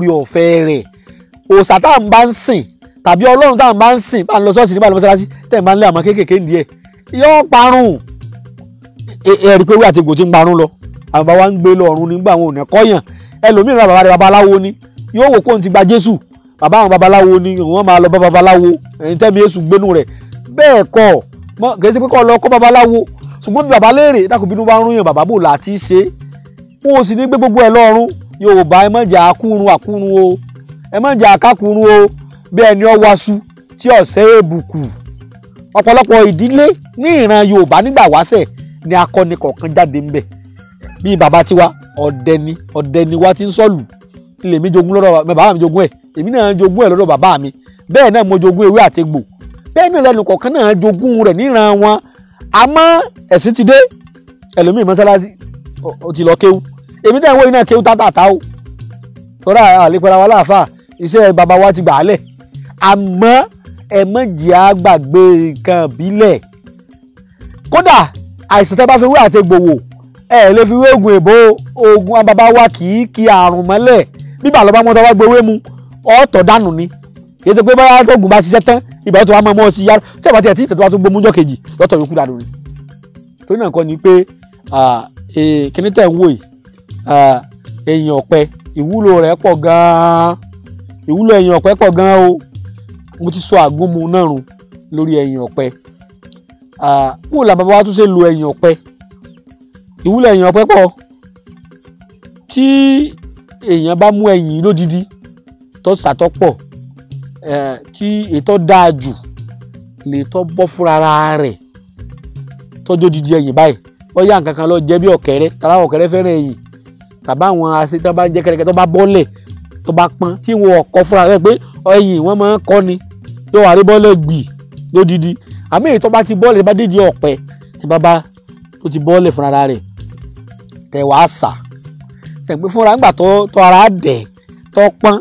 orí ọ̀fẹ́ rẹ̀ òòṣà tá à ń bá ń sìn tàbí ọlọ́run tá à ń bá ń sìn bá ń lọ ṣọ́ọ̀ṣì nígbà tó mọ́ṣáláṣí tẹ̀ ń bá ń lé àmọ́ kéékèèké ń díẹ̀ yóò parun ẹ̀rí pé wí àti egbò ti ń parun lọ àwọn bàbá ń gbé lọ́run nígbà àwọn òní kọ́yàn ẹlòmíràn bàbá rẹ̀ babaláwo ni yóò wò kóun ti gba Jésù bàbá àwọn babaláwo ni wọ́n máa lọ bá babaláwo ẹ̀yìn tẹ́mi Jésù gbénu rẹ̀ bẹ́ẹ̀ kọ́ kèsì pé kọ́ lọ kọ́ babaláwo ṣùgbọ́n bí bàbá léèrè dákùnbínú bá ń rún yàn bàbá bò láti ṣe é wọn sì ní gbé gbogbo ẹ̀ lọ́rùn yorùbá ẹ má jẹ́ àkúrun àkúrun o ẹ má jẹ́ àkàkúrun o bí ẹni ọ waṣu tí ọ̀sẹ̀ èbùkù ọ̀pọ̀lọpọ̀ ìdílé ní ìran yorùbá nígbà wáṣẹ̀ ni akọni kọ̀ọ̀kan jáde ńbẹ̀ bíi bàbá tiwa ọ̀dẹ ni ọ̀dẹ ni wa ti ń sọ̀lù ilẹ̀ mi jogún lọ́dọ̀ bàbá mi jogún ẹ̀ èmi náà jogún ẹ̀ lọ́dọ̀ bàbá mi bẹ́ẹ̀ náà mo jogún ewé àtegbò bẹ́ẹ̀ náà lẹ́nu kọ̀ọ̀kan náà jogún rẹ̀ níran wọn àmọ́ ẹ̀sìn ti dé ẹlòmíì mọ́sálásí ó ti lọ kéwú èmi tẹ̀ ń wọ iná kéwú tátàtà o tọ́ra àlepẹ̀rẹ̀ wa láàfà iṣẹ́ bàbá wa ti gbà á lẹ̀ àmọ́ ẹ mọ̀ jẹ́ á gbàgbé nǹkan bílẹ̀ kódà àìsàn tẹ́ bá fi wé àtegbò wò ẹ lè fi wé oògùn èbó oògùn àbàbà wa kì í kí àrùn mọ́lẹ̀ bíbà lọ́ba mọ́tò wá gbowé mu ọ̀ọ́tọ̀ dànù ni kì í ṣe pé báyà tó gùn bá ṣiṣẹ́ tán ìgbà tó wà mọ́ ọmọ sí yára tí ìbátí ẹ̀tí ìṣètò wa tó gbómújọ́ kejì lọ́tọ̀ yòókù dànù ni torí náà kọ́ ni pé eh, kíní tẹ̀ ń wò yìí ẹ̀yìn ọ̀pẹ ìwúlò rẹ̀ pọ̀ gan-an ìwúlò ẹ̀yìn ọ̀pẹ pọ̀ gan-an o mo ti sọ àgúnmu náà run lórí ẹ̀yìn ọ̀pẹ kó o là bàbá wa tún ṣe lo ẹ̀yìn ọ̀pẹ ìwúlò ẹ̀yìn ọ̀pẹ pọ̀ tí èèyàn bá mú ẹ̀yìn lódidi tó ṣàtọ́pọ̀ tí ètò dáa jù lè tọ́ bọ́ fúnra rẹ̀ tọ́jú dídí ẹ̀yìn báyìí ó yá nǹkan kan lọ jẹ́ bí ọ̀kẹ́rẹ́ tara ọ̀kẹ́rẹ́ fẹ́ràn ẹ̀yìn tàbá àwọn aṣetí tó bá jẹ́ kẹ́rẹ́kẹ́ tó bá bọ́lẹ̀ tó bá pọ́n tí wọn ọkọ fúnra rẹ̀ pé ẹyìn wọn máa ń kọ́ ni yóò wà rí bọ́lẹ̀ gbì lódìdí àmì èyí tó bá ti bọ́ọ̀lẹ̀ bá dídì ọ̀pẹ tí bàbá tó ti bọ́ọ̀lẹ̀ fúnra rẹ̀ tẹ̀ wá sà tẹ̀gbẹ́ fúnra ńgbà tó tó ara dẹ̀ tó pọ́n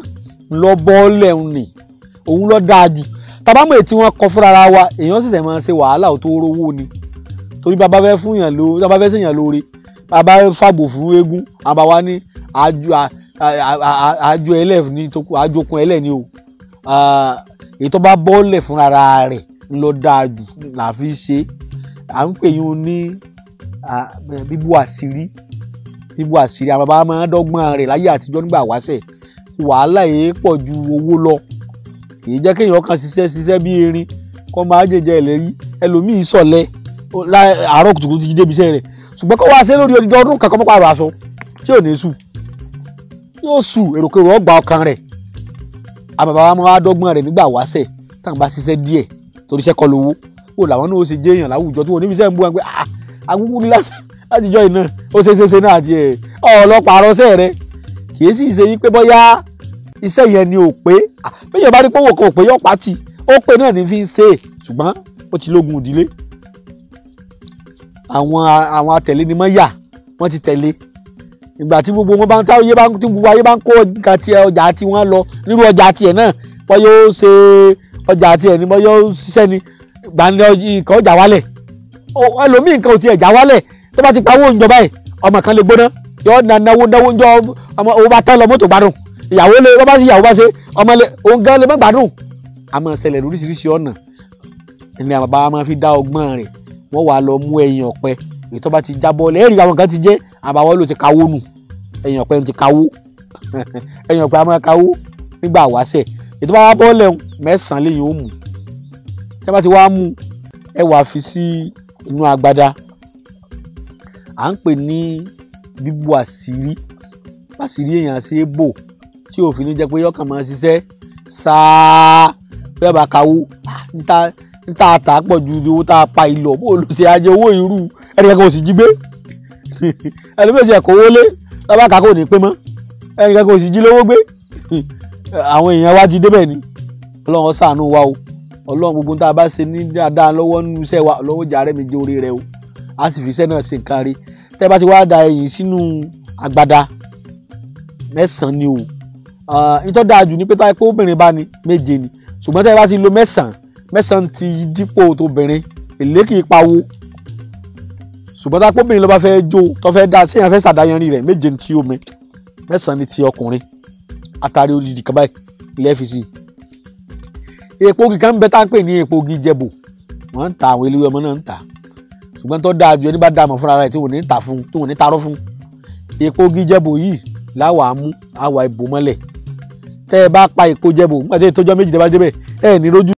lọ bọ́ọ̀lẹ̀ ń nì òun lọ dáa jù tàbámọ̀ èyí tí wọ́n kọ fúnra wa èèyàn sì tẹ̀ máa ṣe wàhálà ò tó ni torí bàbá fẹ́ fún yàn lóore bàbá fàgbò fún eégún àbá wa ní àjọ ẹlẹ́ ní tókù àjọkun ẹlẹ́ ni o èyí tó bá bọ́ọ̀lẹ̀ fúnra rẹ̀ lọ dáa jù là fi ṣe à ń pè yín ní bíbú àṣírí bíbú àṣírí àwọn bàbá máa ń dọ́gbọ́n rẹ̀ láyé àtijọ́ nígbà wáṣẹ̀ wàhálà yìí pọ̀ ju owó lọ kì í jẹ́ kéèyàn kan ṣiṣẹ́ ṣiṣẹ́ bí erin kọ́ máa jẹjẹ ẹlẹ́rí ẹlòmíì sọ̀lẹ́ àárọ̀ kùtùkùtù ti débi iṣẹ́ rẹ̀ ṣùgbọ́n kó wá ṣe lórí odidi ọdún kankan mọ́pá àrò aṣọ tí ò ní sù yóò sù èròkèrò ọgbà ọkàn rẹ̀ àbàbà wa máa dọ́gbọ́n rẹ̀ nígbà wáṣẹ̀ táwọn bá ṣiṣẹ́ díẹ̀ torí iṣẹ́ kọ́ lówó wò làwọn náà ó ṣe jẹ́ èèyàn láwùjọ tí wọn níbi iṣẹ́ ń bú wọn pé ah, agbúgbú ni látijọ́ iná ó ṣe ṣeṣe náà àti ẹ̀ ọlọ́pàá arọ́ṣẹ́ rẹ kì í sì ṣe yí pé bọ́yá iṣẹ́ yẹn ni ò pé ah, bẹ́ẹ̀ yẹn bá rí pé kan ò pé yọ̀pá tì ó pé náà ní fi ń ṣe ṣùgbọ́n ó ti lógun ìdílé àwọn àwọn atẹ̀lé ni wọ́n yà wọ́n ti tẹ̀lé ìgbà tí gbogbo wọn bá ń táwọn yé bá ń tí gbogbo ayé bá ń kó ọjà tiẹ̀ ọjà tí wọ́n lọ nírú ọjà tiẹ̀ náà wọ́n yóò ṣe ọjà tiẹ̀ ni wọ́n yóò ṣiṣẹ́ ni gbàǹdẹ ìkọ́ ọjà wálẹ̀ ẹlòmíì nǹkan ò tiẹ̀ já wálẹ̀ tó bá ti pa owó ìjọba yìí ọmọ kan lè gbóná yọ náwó náwó jọ ọmọ owó bá tán lọ mọ́tò gbádùn ìyàwó lè ọba sí ìyàwó bá ṣe ọmọ lè òun gan lè má gbádùn àmọ́ ṣẹlẹ̀ lóríṣiríṣi ọ̀nà ni àbá máa fi dá ọgbọ́n rẹ̀ wọ́n wàá lọ mú ẹyin ọ̀pẹ èyí tó bá ti jábọ́ lẹ́ẹ̀rí àwọn kan ti jẹ́ àbáwọ́ ló ti kawó nù ẹyin ọ̀pẹ ti kawó ẹyin ọ̀pẹ a máa kawó nígbà wáṣẹ̀ èyí tó bá wá bọ́ lẹ́hùn mẹ́sàn-án lẹ́yìn ó mú tẹ́ bá ti wá mú ẹ wàá fi sí inú agbada à ń pè ní bíbu àṣírí àṣírí èèyàn ṣe é bò tí òfin ní jẹ́ pé yọkàn máa ṣiṣẹ́ sáà bẹ́ẹ̀ bá kawó níta tá a tà pọ̀ ju owó tá a pa ìlọ̀ bó ló ṣe ajẹ owó irú ẹnìkan kò sì jí gbé ẹlòmíràn ṣe ẹ̀kọ́ wọlé tábàkà kò ní pé mọ́ ẹnìkan kò sì jí lówó gbé àwọn èèyàn wa ti débẹ̀ ni ọlọ́run ṣàánú wa o ọlọ́run gbogbo tá a bá ṣe ní dáadáa lọ́wọ́ nínú iṣẹ́ wa ọlọ́wọ́ jà rẹ̀ mi jẹ́ orí rẹ o a sì fi iṣẹ́ náà ṣe nǹkan rí tẹ́ bá ti wá da ẹ̀yìn sínú agbada mẹ́sàn-án ni o ìtọ́jú àjù ni pé tá a pé obìnrin bá ní méje ni ṣùgbọ́n tẹ́ bá ti lo mẹ́sàn-án mẹ́sàn-án ti dípò tóbìnrin èlé kì í pawó ṣùgbọ́n tá póbìnrin ló bá fẹ́ jó tó fẹ́ dá séèyàn fẹ́ ṣàdáyanrin rẹ̀ méje ní ti omi mẹ́sàn-án ni ti ọkùnrin àtàrí olùdí kan báyìí ilé fi sí i epo igi kan ń bẹ tá à ń pè ní epo igi jẹ̀bù wọ́n ń ta àwọn eléwé ọmọ náà ń ta ṣùgbọ́n tó dáa ju ẹni bá dáa mọ̀ fúnra rẹ̀ tí wọ́n ní ta fún tí wọ́n ní tarọ́ fún epo igi jẹ̀bù yìí láwa mú àwa ìbò mọ́lẹ̀ tẹ́ ẹ bá pa epo jẹ̀bù nígbà tí ètò ọjọ́ méjì tẹ́ bá débẹ̀ ẹ ní rojú.